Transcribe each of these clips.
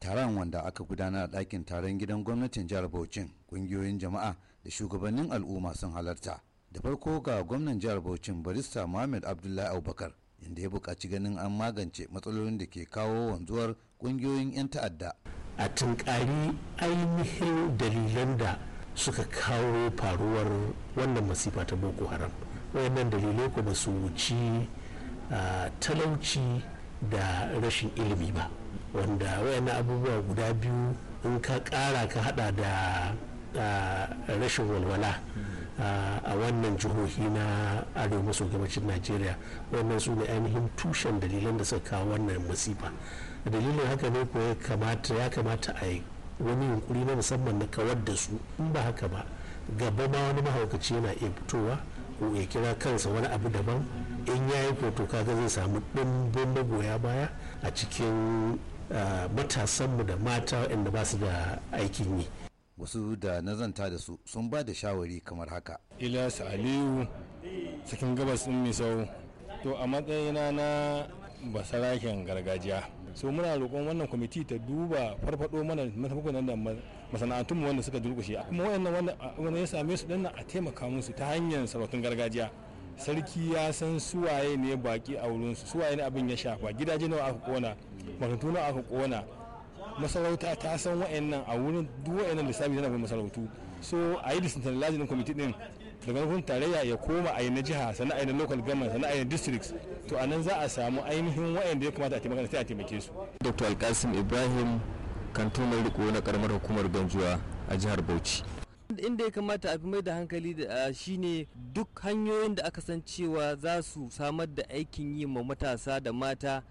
taron wanda aka gudanar a ɗakin taron gidan gwamnatin jihar Bauchin ƙungiyoyin jama'a da shugabannin al'umma sun halarta da farko ga gwamnan jihar Bauchin barista Muhammad Abdullahi Abubakar inda ya buƙaci ganin an magance matsalolin da ke kawo wanzuwar ƙungiyoyin 'yan ta'adda a tunkari ainihin dalilan da suka kawo faruwar wannan masifa ta boko haram wayannan dalilai kuma su wuci ah, talauci da rashin ilimi ba wanda wayannan abubuwa guda biyu in ka kara ka hada da rashin walwala a wannan jihohi na arewa maso gabacin najeriya wannan su ne ainihin tushen dalilan da suka kawo wannan masifa dalilin haka ne ko ya kamata a yi wani yunkuri na musamman na kawar da su in ba haka ba gaba ma wani mahaukaci yana iya fitowa ko ya kira kansa wani abu daban in ya yi hoto kaga zai samu ɗimbin goya baya a cikin matasanmu da mata inda ba su da aikin yi wasu da nazanta da su sun ba da shawari kamar haka ilas aliyu cikin gabas ɗin misau to a matsayina na basarakin gargajiya so muna roƙon wannan kwamiti ta duba farfado mana nan da masana'antun wanda suka durƙushe kuma wayannan wanda ya same su dinnan a taimaka musu ta hanyar sarautun gargajiya sarki ya san suwaye ne baki a wurinsu suwaye ne abin ya shafa gidaje nawa aka kona makarantu nawa aka kona masarauta ta san wa'annan a wurin duk wa'annan lissafi na bin masarautu so a yi decentralizing kwamiti din daga nufin tarayya ya koma a yi na jiha sannan a yi na local government sannan a yi na districts to a nan za a samu ainihin wa'anda ya kamata a taimaka sai a taimake su. dr alkasim ibrahim kantonar riko na karamar hukumar ganjuwa a jihar bauchi. inda ya kamata a fi mai da hankali da shine duk hanyoyin da aka san cewa za su samar da aikin yi ma matasa da mata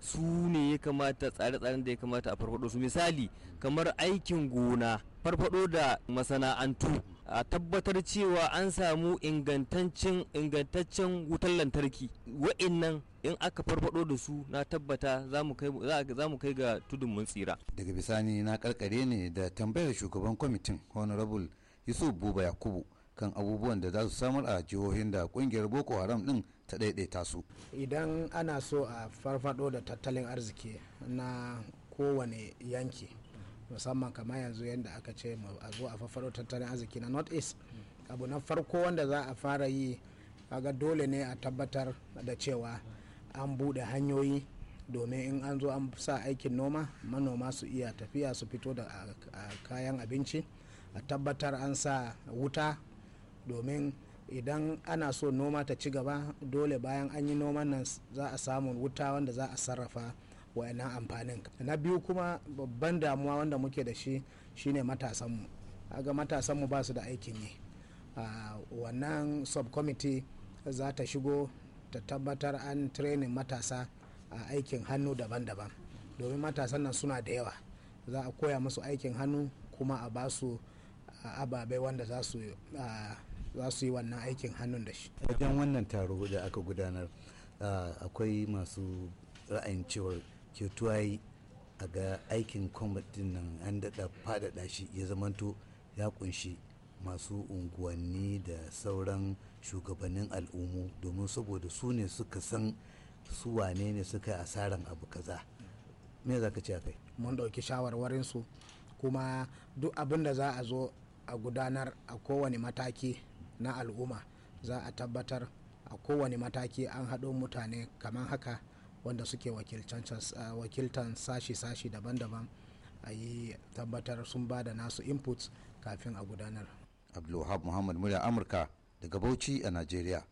su ne ya kamata tsare-tsaren da ya kamata a farfado su misali kamar aikin gona farfado da masana'antu a tabbatar cewa an samu ingantaccen ingantaccen wutar lantarki wa'innan in aka farfado da su na tabbata za mu kai ga tudun mun tsira daga bisani na karkare ne da tambayar shugaban kwamitin honorable yusuf buba yakubu kan abubuwan da za su samar a jihohin da kungiyar boko haram din ta daidaita su idan ana so a farfado da tattalin arziki na kowane yanki musamman kamar yanzu yadda aka ce a zo a farfado tattalin arziki na north east abu na farko wanda za a fara yi kaga dole ne a tabbatar da cewa an buɗe hanyoyi domin in an zo an sa aikin noma manoma su iya tafiya su fito da kayan abinci a tabbatar an sa wuta domin idan ana so noma ta ci gaba dole bayan an yi noman nan za a samu wuta wanda za a sarrafa wayannan amfanin na biyu kuma babban damuwa wanda muke da shi shine matasanmu aga matasanmu ba su da aikin yi wannan subcommittee za ta shigo ta tabbatar an training matasa a aikin hannu daban-daban domin matasan nan suna da yawa za a koya musu aikin hannu kuma a basu ababai wanda za su yi wannan aikin hannun da shi wajen wannan taro da aka gudanar akwai masu ra'ayin cewar kyautuwayi a ga aikin kwamitin nan an daɗa faɗaɗa shi ya zamanto ya kunshi masu unguwanni da sauran shugabannin al'ummu domin saboda su ne suka san su wane ne suka yi asaran abu kaza me za ka ce a kai mun ɗauki shawarwarinsu kuma duk abin da za a zo a gudanar a kowane mataki na al'umma za a tabbatar a kowane mataki an haɗo mutane kamar haka wanda suke wakiltan sashi-sashi daban-daban a yi tabbatar sun ba da nasu inputs kafin a gudanar. abdulwahab muhammad murya amurka daga bauchi a nigeria